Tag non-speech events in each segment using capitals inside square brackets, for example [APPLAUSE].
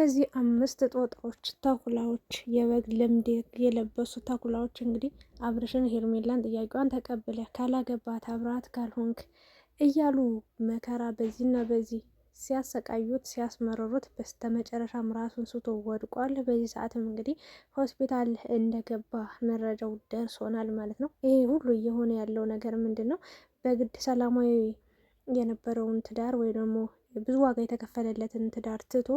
እነዚህ አምስት ጦጣዎች ተኩላዎች የበግ ልምድ የለበሱ ተኩላዎች እንግዲህ አብርሽን ሄርሜላን ጥያቄዋን ተቀብለ ካላገባት አብራት ካልሆንክ እያሉ መከራ በዚህና በዚህ ሲያሰቃዩት ሲያስመረሩት በስተመጨረሻም ራሱን ስቶ ወድቋል። በዚህ ሰዓትም እንግዲህ ሆስፒታል እንደገባ መረጃው ደርሶናል ማለት ነው። ይሄ ሁሉ እየሆነ ያለው ነገር ምንድን ነው? በግድ ሰላማዊ የነበረውን ትዳር ወይ ደግሞ ብዙ ዋጋ የተከፈለለትን ትዳር ትቶ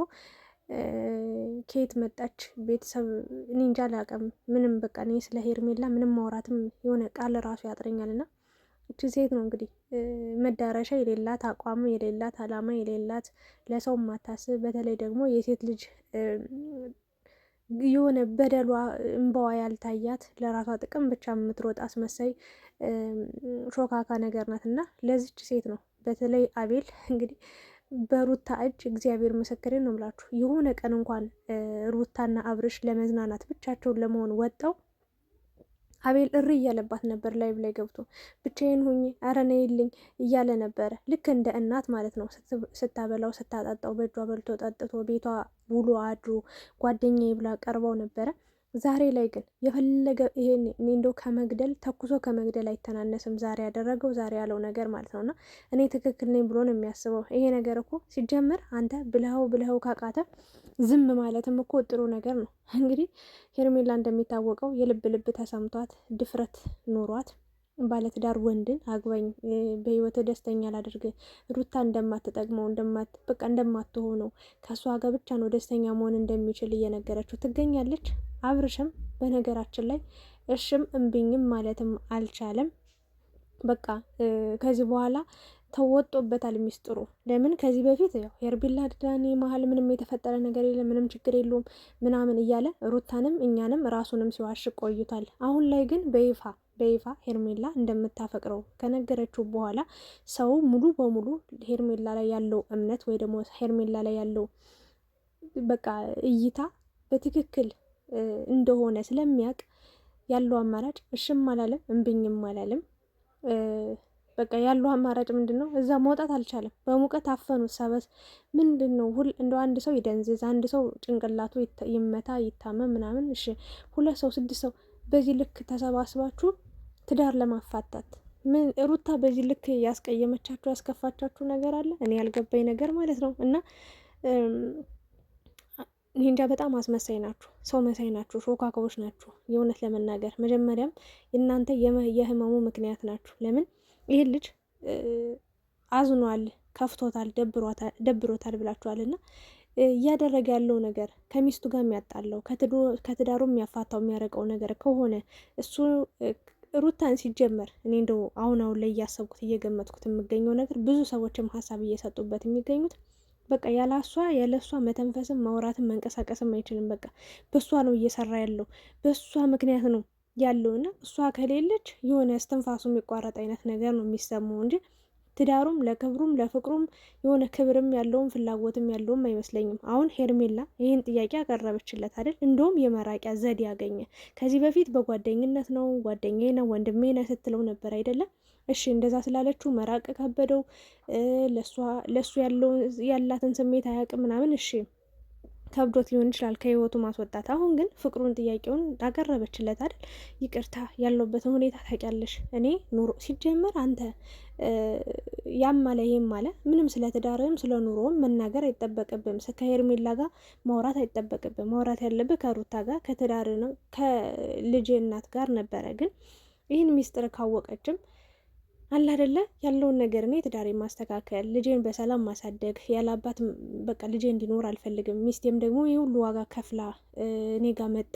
ከየት መጣች ቤተሰብ እኔ እንጃ አላውቅም። ምንም በቃ እኔ ስለ ሄርሜላ ምንም ማውራትም የሆነ ቃል ራሱ ያጥረኛል። እና እቺ ሴት ነው እንግዲህ መዳረሻ የሌላት አቋም የሌላት አላማ የሌላት ለሰው ማታስብ፣ በተለይ ደግሞ የሴት ልጅ የሆነ በደሏ እንባዋ ያልታያት ለራሷ ጥቅም ብቻ የምትሮጥ አስመሳይ ሾካካ ነገር ናት እና ለዚች ሴት ነው በተለይ አቤል እንግዲህ በሩታ እጅ እግዚአብሔር ምስክሬ ነው የምላችሁ። የሆነ ቀን እንኳን ሩታና አብርሽ ለመዝናናት ብቻቸውን ለመሆን ወጠው አቤል እሪ እያለባት ነበር። ላይብ ላይ ገብቶ ብቻዬን ሁኝ አረነ ነይልኝ እያለ ነበረ። ልክ እንደ እናት ማለት ነው። ስታበላው ስታጠጣው፣ በእጇ በልቶ ጠጥቶ ቤቷ ውሎ አድሮ ጓደኛ ብላ ቀርበው ነበረ። ዛሬ ላይ ግን የፈለገ ይሄን እኔ እንደው ከመግደል ተኩሶ ከመግደል አይተናነስም። ዛሬ ያደረገው ዛሬ ያለው ነገር ማለት ነውና እኔ ትክክል ነኝ ብሎ ነው የሚያስበው። ይሄ ነገር እኮ ሲጀመር አንተ ብለው ብለው ካቃተ ዝም ማለትም እኮ ጥሩ ነገር ነው። እንግዲህ ሄርሜላ እንደሚታወቀው የልብ ልብ ተሰምቷት ድፍረት ኖሯት ባለትዳር ወንድን አግባኝ በህይወት ደስተኛ ላድርግ፣ ሩታ እንደማትጠቅመው በቃ እንደማትሆነው ከእሷ ጋር ብቻ ነው ደስተኛ መሆን እንደሚችል እየነገረችው ትገኛለች። አብርሽም በነገራችን ላይ እሽም እምብኝም ማለትም አልቻለም። በቃ ከዚህ በኋላ ተወጦበታል ሚስጥሩ። ለምን ከዚህ በፊት ያው የርቢላ ድዳኔ መሀል ምንም የተፈጠረ ነገር የለም ምንም ችግር የለውም ምናምን እያለ ሩታንም እኛንም ራሱንም ሲዋሽቅ ቆይቷል። አሁን ላይ ግን በይፋ በይፋ ሄርሜላ እንደምታፈቅረው ከነገረችው በኋላ ሰው ሙሉ በሙሉ ሄርሜላ ላይ ያለው እምነት ወይ ደግሞ ሄርሜላ ላይ ያለው በቃ እይታ በትክክል እንደሆነ ስለሚያውቅ ያለው አማራጭ እሽም አላለም እምብኝም አላለም። በቃ ያለው አማራጭ ምንድን ነው? እዛ መውጣት አልቻለም። በሙቀት አፈኑ ሰበስ ምንድን ነው ሁል እንደ አንድ ሰው ይደንዝዝ፣ አንድ ሰው ጭንቅላቱ ይመታ፣ ይታመም ምናምን። እሺ ሁለት ሰው ስድስት ሰው በዚህ ልክ ተሰባስባችሁ ትዳር ለማፋታት ምን ሩታ በዚህ ልክ ያስቀየመቻችሁ ያስከፋቻችሁ ነገር አለ? እኔ ያልገባኝ ነገር ማለት ነው። እና እኔ እንጃ በጣም አስመሳይ ናችሁ፣ ሰው መሳይ ናችሁ፣ ሾካካዎች ናችሁ። የእውነት ለመናገር መጀመሪያም እናንተ የህመሙ ምክንያት ናችሁ። ለምን ይህን ልጅ አዝኗል፣ ከፍቶታል፣ ደብሮታል ብላችኋል እና እያደረገ ያለው ነገር ከሚስቱ ጋር የሚያጣለው ከትዳሩ የሚያፋታው የሚያረቀው ነገር ከሆነ እሱ ሩታን ሲጀመር እኔ እንደው አሁን አሁን ላይ እያሰብኩት እየገመትኩት የምገኘው ነገር ብዙ ሰዎችም ሀሳብ እየሰጡበት የሚገኙት በቃ ያላሷ ያለሷ መተንፈስም ማውራትም መንቀሳቀስም አይችልም። በቃ በእሷ ነው እየሰራ ያለው በእሷ ምክንያት ነው ያለውና እሷ ከሌለች የሆነ እስትንፋሱ የሚቋረጥ አይነት ነገር ነው የሚሰማው እንጂ ትዳሩም ለክብሩም ለፍቅሩም የሆነ ክብርም ያለውም ፍላጎትም ያለውም አይመስለኝም። አሁን ሄርሜላ ይህን ጥያቄ አቀረበችለት አይደል? እንደውም የመራቂያ ዘዴ ያገኘ። ከዚህ በፊት በጓደኝነት ነው ጓደኛ ነው ወንድሜ ነው ስትለው ነበር አይደለም? እሺ እንደዛ ስላለችው መራቅ ከበደው፣ ለእሱ ያላትን ስሜት አያውቅም ምናምን እሺ ከብዶት ሊሆን ይችላል ከህይወቱ ማስወጣት። አሁን ግን ፍቅሩን ጥያቄውን አቀረበችለት አይደል? ይቅርታ ያለውበትን ሁኔታ ታውቂያለሽ። እኔ ኑሮ ሲጀመር አንተ ያም አለ ይህም አለ ምንም ስለ ትዳርም ስለ ኑሮም መናገር አይጠበቅብም። ከሄርሜላ ጋር ማውራት አይጠበቅብም። ማውራት ያለብህ ከሩታ ጋር ከትዳር ነው ከልጄ እናት ጋር ነበረ ግን ይህን ሚስጥር ካወቀችም አለ አይደለ ያለውን ነገር እኔ ትዳሬ ማስተካከል ልጄን በሰላም ማሳደግ ያለ አባት በቃ ልጄ እንዲኖር አልፈልግም። ሚስቴም ደግሞ ይህ ሁሉ ዋጋ ከፍላ እኔ ጋር መጣ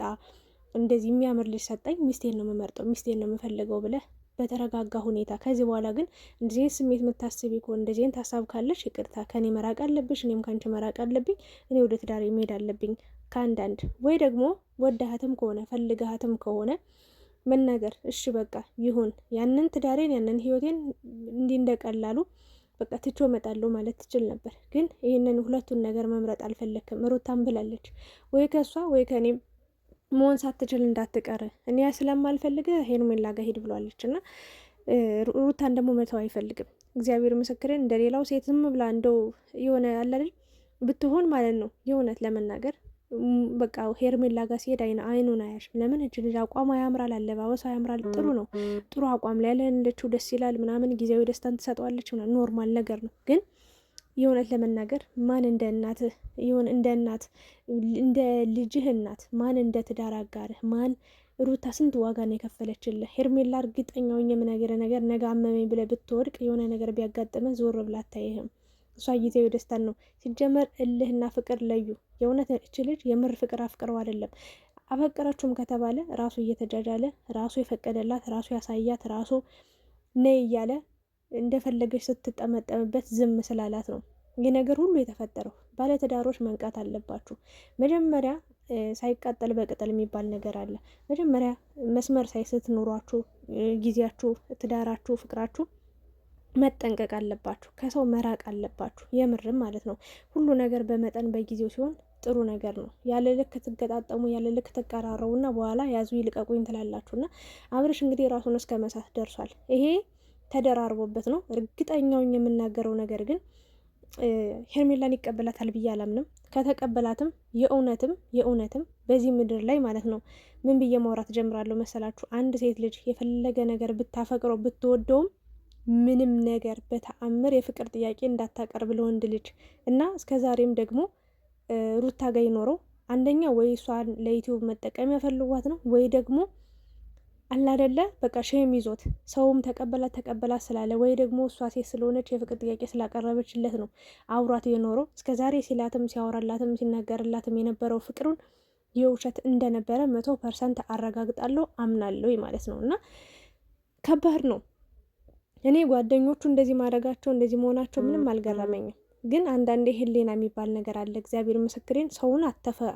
እንደዚህ የሚያምር ልጅ ሰጠኝ፣ ሚስቴን ነው የምመርጠው፣ ሚስቴን ነው የምፈልገው ብለ በተረጋጋ ሁኔታ ከዚህ በኋላ ግን እንደዚህን ስሜት የምታስቢ ከሆነ እንደዚህን ታሳብ ካለሽ ይቅርታ፣ ከኔ መራቅ አለብሽ፣ እኔም ከአንቺ መራቅ አለብኝ፣ እኔ ወደ ትዳሬ መሄድ አለብኝ ከአንዳንድ ወይ ደግሞ ወዳሃትም ከሆነ ፈልገሃትም ከሆነ መናገር እሺ በቃ ይሁን ያንን ትዳሬን ያንን ህይወቴን እንዲህ እንደቀላሉ በቃ ትቾ መጣለሁ ማለት ትችል ነበር። ግን ይህንን ሁለቱን ነገር መምረጥ አልፈለክም። ሩታም ብላለች ወይ ከእሷ ወይ ከእኔ መሆን ሳትችል እንዳትቀር እኔ ስለማልፈልግ ሄርሜላ ጋር ሄድ ብሏለች። እና ሩታን ደግሞ መተው አይፈልግም። እግዚአብሔር ምስክርን እንደሌላው ሴት ብላ እንደው የሆነ ያለ ብትሆን ማለት ነው የእውነት ለመናገር በቃ ሄርሜላ ጋር ሲሄድ አይኑን አያሽ። ለምን እጅ ልጅ አቋሟ ያምራል፣ አለባበሷ ያምራል፣ ጥሩ ነው። ጥሩ አቋም ላይ ያለችው ደስ ይላል ምናምን፣ ጊዜያዊ ደስታን ትሰጠዋለች። ኖርማል ነገር ነው። ግን የእውነት ለመናገር ማን እንደ እናት ይሁን እንደ እናት እንደ ልጅህ እናት ማን እንደ ትዳር አጋርህ ማን ሩታ ስንት ዋጋ ነው የከፈለችልህ? ሄርሜላ እርግጠኛው የምነግርህ ነገር ነገ አመመኝ ብለህ ብትወድቅ የሆነ ነገር ቢያጋጥመህ ዞር ብላ አታይህም። እሷ ጊዜያዊ ደስታን ነው። ሲጀመር እልህና ፍቅር ለዩ። የእውነት እች ልጅ የምር ፍቅር አፍቅረው አይደለም። አፈቀረችውም ከተባለ ራሱ እየተጃጃለ ራሱ የፈቀደላት ራሱ ያሳያት ራሱ ነይ እያለ እንደፈለገች ስትጠመጠምበት ዝም ስላላት ነው ይህ ነገር ሁሉ የተፈጠረው። ባለትዳሮች መንቃት አለባችሁ። መጀመሪያ ሳይቃጠል በቅጠል የሚባል ነገር አለ። መጀመሪያ መስመር ሳይስት ኑሯችሁ፣ ጊዜያችሁ፣ ትዳራችሁ፣ ፍቅራችሁ መጠንቀቅ አለባችሁ። ከሰው መራቅ አለባችሁ። የምርም ማለት ነው። ሁሉ ነገር በመጠን በጊዜው ሲሆን ጥሩ ነገር ነው። ያለ ልክ ትገጣጠሙ፣ ያለ ልክ እና በኋላ ያዙ ይልቀቁኝ ትላላችሁና አብርሽ እንግዲህ ራሱን እስከ መሳት ደርሷል። ይሄ ተደራርቦበት ነው። እርግጠኛውን የምናገረው ነገር ግን ሄርሜላን ይቀበላታል ብዬ አላምንም። ከተቀበላትም የእውነትም የእውነትም በዚህ ምድር ላይ ማለት ነው ምን ብዬ ማውራት ጀምራለሁ መሰላችሁ? አንድ ሴት ልጅ የፈለገ ነገር ብታፈቅረው ብትወደውም ምንም ነገር በተአምር የፍቅር ጥያቄ እንዳታቀርብ ለወንድ ልጅ እና እስከ ዛሬም ደግሞ ሩታ ጋ ይኖረው አንደኛ ወይ እሷን ለዩቲዩብ መጠቀም ያፈልጓት ነው ወይ ደግሞ አላደለ በቃ ሸም ይዞት ሰውም ተቀበላት ተቀበላት ስላለ ወይ ደግሞ እሷ ሴት ስለሆነች የፍቅር ጥያቄ ስላቀረበችለት ነው አውራት የኖረው። እስከ ዛሬ ሲላትም ሲያወራላትም ሲናገርላትም የነበረው ፍቅሩን የውሸት እንደነበረ መቶ ፐርሰንት አረጋግጣለሁ አምናለሁ ማለት ነው እና ከባድ ነው። እኔ ጓደኞቹ እንደዚህ ማድረጋቸው እንደዚህ መሆናቸው ምንም አልገረመኝም። ግን አንዳንዴ ህሊና የሚባል ነገር አለ። እግዚአብሔር ምስክሬን፣ ሰውን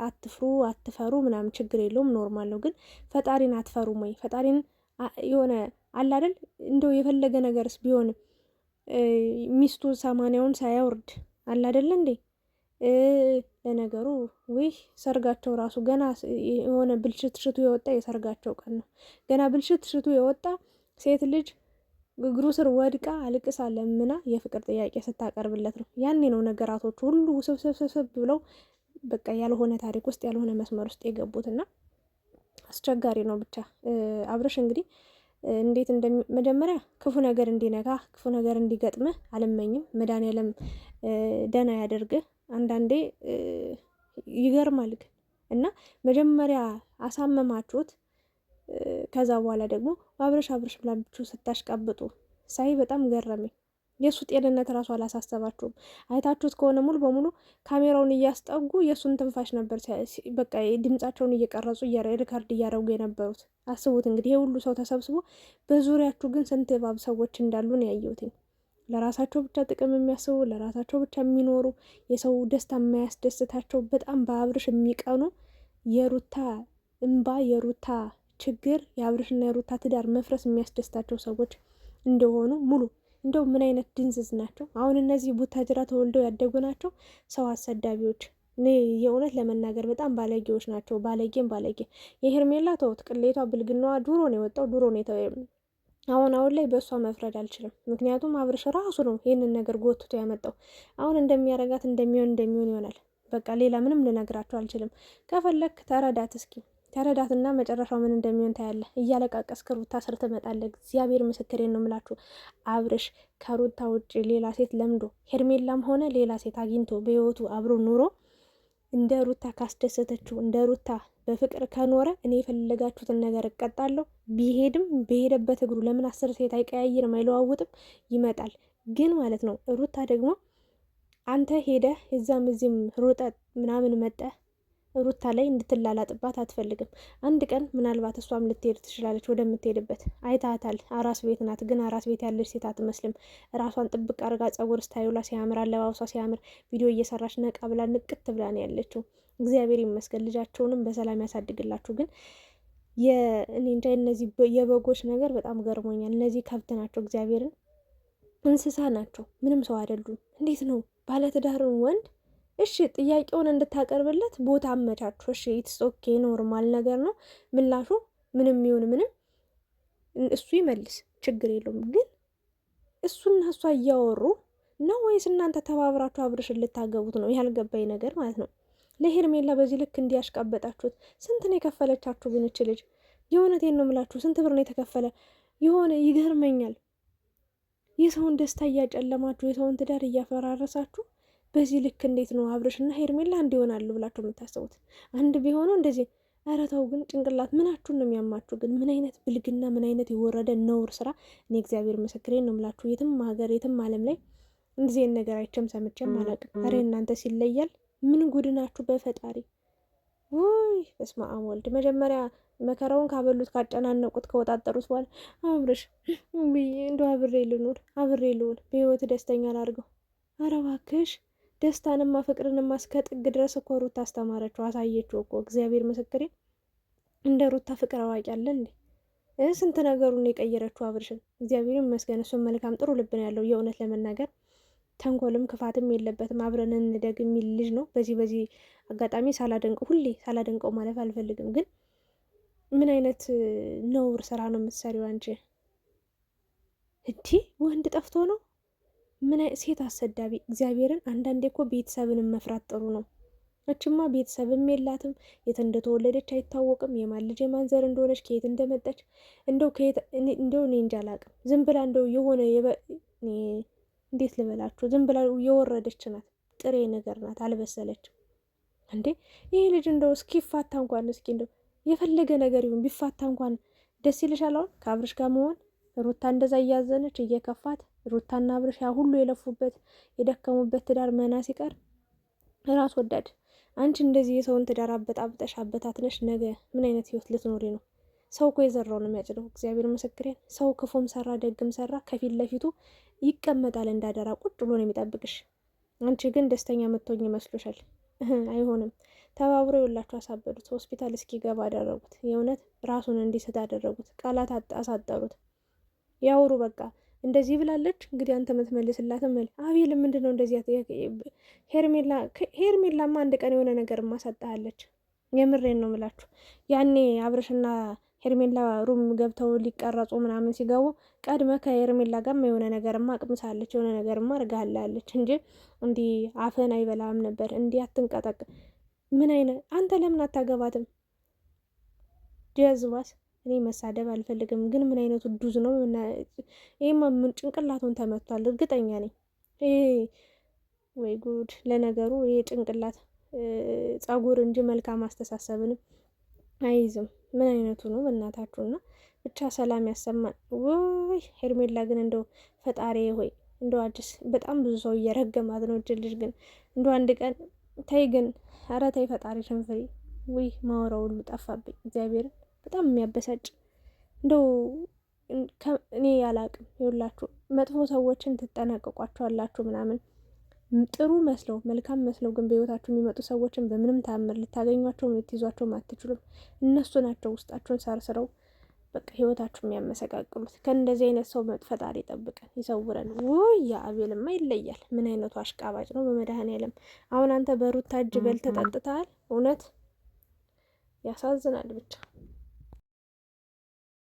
አትፍሩ፣ አትፈሩ ምናምን ችግር የለውም ኖርማል ነው። ግን ፈጣሪን አትፈሩም ወይ? ፈጣሪን የሆነ አለ አይደል እንደው የፈለገ ነገርስ ቢሆን ሚስቱ ሰማንያውን ሳያወርድ አለ እንዴ? ለነገሩ ውህ ሰርጋቸው ራሱ ገና የሆነ ብልሽት ሽቱ የወጣ የሰርጋቸው ቀን ነው። ገና ብልሽት ሽቱ የወጣ ሴት ልጅ እግሩ ስር ወድቃ አልቅሳ ለምና የፍቅር ጥያቄ ስታቀርብለት ነው። ያኔ ነው ነገራቶች ሁሉ ውስብስብስብስብ ብለው በቃ ያልሆነ ታሪክ ውስጥ ያልሆነ መስመር ውስጥ የገቡትና አስቸጋሪ ነው። ብቻ አብረሽ እንግዲህ እንዴት እንደመጀመሪያ ክፉ ነገር እንዲነካ ክፉ ነገር እንዲገጥምህ አልመኝም። መድኃኒዓለም ደህና ያደርግህ። አንዳንዴ ይገርማል ግን እና መጀመሪያ አሳመማችሁት ከዛ በኋላ ደግሞ አብረሽ አብረሽ ብላችሁ ስታሽቃብጡ ሳይ በጣም ገረመኝ። የእሱ ጤንነት እራሱ አላሳሰባችሁም። አይታችሁት ከሆነ ሙሉ በሙሉ ካሜራውን እያስጠጉ የእሱን ትንፋሽ ነበር በቃ ድምጻቸውን እየቀረጹ ሪከርድ እያደረጉ የነበሩት። አስቡት እንግዲህ ሁሉ ሰው ተሰብስቦ፣ በዙሪያችሁ ግን ስንት እባብ ሰዎች እንዳሉ ነው ያየሁትኝ። ለራሳቸው ብቻ ጥቅም የሚያስቡ ለራሳቸው ብቻ የሚኖሩ የሰው ደስታ የማያስደስታቸው በጣም በአብርሽ የሚቀኑ የሩታ እንባ የሩታ ችግር የአብርሽና የሩታ ትዳር መፍረስ የሚያስደስታቸው ሰዎች እንደሆኑ ሙሉ እንደው ምን አይነት ድንዝዝ ናቸው? አሁን እነዚህ ቡታጅራ ተወልደው ያደጉ ናቸው ሰው አሰዳቢዎች። የእውነት ለመናገር በጣም ባለጌዎች ናቸው። ባለጌም ባለጌ የሄርሜላ ተውት፣ ቅሌቷ ብልግናዋ ድሮ ነው የወጣው፣ ድሮ ነው አሁን አሁን ላይ በእሷ መፍረድ አልችልም። ምክንያቱም አብርሽ ራሱ ነው ይህንን ነገር ጎትቶ ያመጣው። አሁን እንደሚያረጋት እንደሚሆን እንደሚሆን ይሆናል። በቃ ሌላ ምንም ልነግራቸው አልችልም። ከፈለክ ተረዳት እስኪ ተረዳትና መጨረሻው ምን እንደሚሆን ታያለ። እያለቃቀስ ከሩታ ስር ትመጣለ እግዚአብሔር ምስክሬን ነው ምላችሁ። አብርሽ ከሩታ ውጭ ሌላ ሴት ለምዶ ሄርሜላም ሆነ ሌላ ሴት አግኝቶ በህይወቱ አብሮ ኑሮ እንደ ሩታ ካስደሰተችው እንደ ሩታ በፍቅር ከኖረ እኔ የፈለጋችሁትን ነገር እቀጣለሁ። ቢሄድም በሄደበት እግሩ ለምን አስር ሴት አይቀያይርም? አይለዋውጥም? ይመጣል። ግን ማለት ነው ሩታ ደግሞ አንተ ሄደህ እዛም እዚህም ሩጠ ምናምን መጠ ሩታ ላይ እንድትላላጥባት አትፈልግም። አንድ ቀን ምናልባት እሷም ልትሄድ ትችላለች ወደምትሄድበት። አይታታል፣ አራስ ቤት ናት። ግን አራስ ቤት ያለች ሴት አትመስልም። ራሷን ጥብቅ አርጋ ጸጉር ስታይላ ሲያምር፣ አለባበሷ ሲያምር፣ ቪዲዮ እየሰራች ነቃ ብላ ንቅት ብላ ነው ያለችው። እግዚአብሔር ይመስገን። ልጃቸውንም በሰላም ያሳድግላችሁ። ግን እኔ እንጃ እነዚህ የበጎች ነገር በጣም ገርሞኛል። እነዚህ ከብት ናቸው፣ እግዚአብሔርን እንስሳ ናቸው። ምንም ሰው አይደሉም። እንዴት ነው ባለትዳርን ወንድ እሺ ጥያቄውን እንድታቀርብለት ቦታ አመቻቹ። እሺ ኢትስ ኦኬ ኖርማል ነገር ነው። ምላሹ ምንም ይሁን ምንም እሱ ይመልስ፣ ችግር የለውም። ግን እሱና እሷ እያወሩ ነው ወይስ እናንተ ተባብራችሁ አብርሽን ልታገቡት ነው? ያልገባኝ ነገር ማለት ነው። ለሄርሜላ በዚህ ልክ እንዲያሽቃበጣችሁት ስንት ነው የከፈለቻችሁ? ግን እች ልጅ የእውነቴን ነው ምላችሁ፣ ስንት ብር ነው የተከፈለ? የሆነ ይገርመኛል። የሰውን ደስታ እያጨለማችሁ፣ የሰውን ትዳር እያፈራረሳችሁ በዚህ ልክ እንዴት ነው አብርሽ እና ሄርሜላ አንድ ይሆናሉ ብላችሁ የምታስቡት? አንድ ቢሆኑ እንደዚህ እረታው ግን ጭንቅላት ምናችሁን ነው የሚያማችሁ? ግን ምን አይነት ብልግና፣ ምን አይነት የወረደ ነውር ስራ! እኔ እግዚአብሔር ምስክሬን ነው የምላችሁ፣ የትም ሀገር፣ የትም ዓለም ላይ እንዲዜን ነገር አይቼም ሰምቼም አላውቅም። አሬ እናንተ ሲለያል ምን ጉድናችሁ በፈጣሪ ውይ በስመ አብ ወልድ። መጀመሪያ መከራውን ካበሉት ካጨናነቁት ከወጣጠሩት በኋላ አብርሽ ብዬ እንደው አብሬ ልኑር አብሬ ልውል በህይወት ደስተኛ ላድርገው። ኧረ እባክሽ ደስታንማ ፍቅርንማ እስከ ጥግ ድረስ እኮ ሩታ አስተማረችው፣ አሳየችው እኮ እግዚአብሔር ምስክሬ። እንደ ሩታ ፍቅር አዋቂ አለ እንዴ? ስንት ነገሩን የቀየረችው አብርሽን። እግዚአብሔር ይመስገን፣ እሱን መልካም ጥሩ ልብ ነው ያለው። የእውነት ለመናገር ተንኮልም ክፋትም የለበትም። አብረን እንደግ የሚል ልጅ ነው። በዚህ በዚህ አጋጣሚ ሳላደንቀው ሁሌ ሳላደንቀው ማለፍ አልፈልግም፣ ግን ምን አይነት ነውር ስራ ነው የምትሰሪው አንቺ? እንዲህ ወንድ ጠፍቶ ነው ምን ሴት አሰዳቢ እግዚአብሔርን። አንዳንዴ እኮ ቤተሰብንም መፍራት ጥሩ ነው። እችማ ቤተሰብም የላትም፣ የት እንደተወለደች አይታወቅም፣ የማን ልጅ የማን እንደሆነች ከየት እንደመጣች እንደው ከየት እንደው እኔ እንጃ አላቅም። ዝም ብላ እንደው የሆነ እንዴት ልበላችሁ፣ ዝም ብላ የወረደች ናት፣ ጥሬ ነገር ናት፣ አልበሰለችም። እንዴ ይሄ ልጅ እንደው እስኪፋታ እንኳን እስኪ እንደው የፈለገ ነገር ይሁን ቢፋታ እንኳን ደስ ይልሻል? አሁን ከአብርሽ ጋር መሆን ሩታ እንደዛ እያዘነች እየከፋት ሩታና አብርሽ ያ ሁሉ የለፉበት የደከሙበት ትዳር መና ሲቀር ራስ ወዳድ አንቺ እንደዚህ የሰውን ትዳር አበጣብጠሽ አበታትነሽ ነገ ምን አይነት ህይወት ልትኖሪ ነው? ሰው እኮ የዘራው ነው የሚያጭደው። እግዚአብሔር ምስክሬን። ሰው ክፉም ሰራ ደግም ሰራ ከፊት ለፊቱ ይቀመጣል እንዳደራ ቁጭ ብሎ ነው የሚጠብቅሽ። አንቺ ግን ደስተኛ መጥቶኝ ይመስሎሻል? [LAUGHS] አይሆንም። ተባብሮ የወላችሁ አሳበዱት። ሆስፒታል እስኪገባ አደረጉት። የእውነት ራሱን እንዲስት አደረጉት። ቃላት አሳጠሩት። ያውሩ በቃ እንደዚህ ብላለች። እንግዲህ አንተ የምትመልስላት መል አቤል ምንድን ነው እንደዚህ ሄርሜላማ አንድ ቀን የሆነ ነገር ማሳጣሃለች። የምሬን ነው ምላችሁ ያኔ አብረሽና ሄርሜላ ሩም ገብተው ሊቀረጹ ምናምን ሲገቡ ቀድመ ከሄርሜላ ጋርማ የሆነ ነገርማ አቅምሳለች የሆነ ነገርማ አርጋላለች እንጂ እንዲህ አፍህን አይበላም ነበር። እንዲህ አትንቀጠቅ ምን አይነት አንተ ለምን አታገባትም ጀዝባስ እኔ መሳደብ አልፈልግም፣ ግን ምን አይነቱ ዱዝ ነው? ይህ ጭንቅላቱን ተመቷል፣ እርግጠኛ ነኝ። ወይ ጉድ! ለነገሩ ይሄ ጭንቅላት ጸጉር እንጂ መልካም አስተሳሰብንም አይይዝም። ምን አይነቱ ነው በእናታችሁና? ብቻ ሰላም ያሰማን። ወይ ሄርሜላ ግን እንደው ፈጣሪ ሆይ እንደው አዲስ በጣም ብዙ ሰው እየረገማት ነው። እጅ ግን እንደው አንድ ቀን ተይ ግን፣ ኧረ ተይ ፈጣሪ ሽንፍሪ። ውይ ማወራው ሁሉ ጠፋብኝ እግዚአብሔርን በጣም የሚያበሳጭ እንደው እኔ ያላቅም ይውላችሁ መጥፎ ሰዎችን ትጠነቀቋቸዋላችሁ ምናምን ጥሩ መስለው መልካም መስለው ግን በህይወታችሁ የሚመጡ ሰዎችን በምንም ታምር ልታገኟቸውም ልትይዟቸውም አትችሉም። እነሱ ናቸው ውስጣችሁን ሰርስረው በቃ ህይወታችሁ የሚያመሰቃቅሉት። ከእንደዚህ አይነት ሰው ፈጣሪ ይጠብቀን ይሰውረን። ውይ የአቤልማ ይለያል። ምን አይነቱ አሽቃባጭ ነው! በመድኃኔዓለም አሁን አንተ በሩታ እጅ በል እውነት ያሳዝናል ብቻ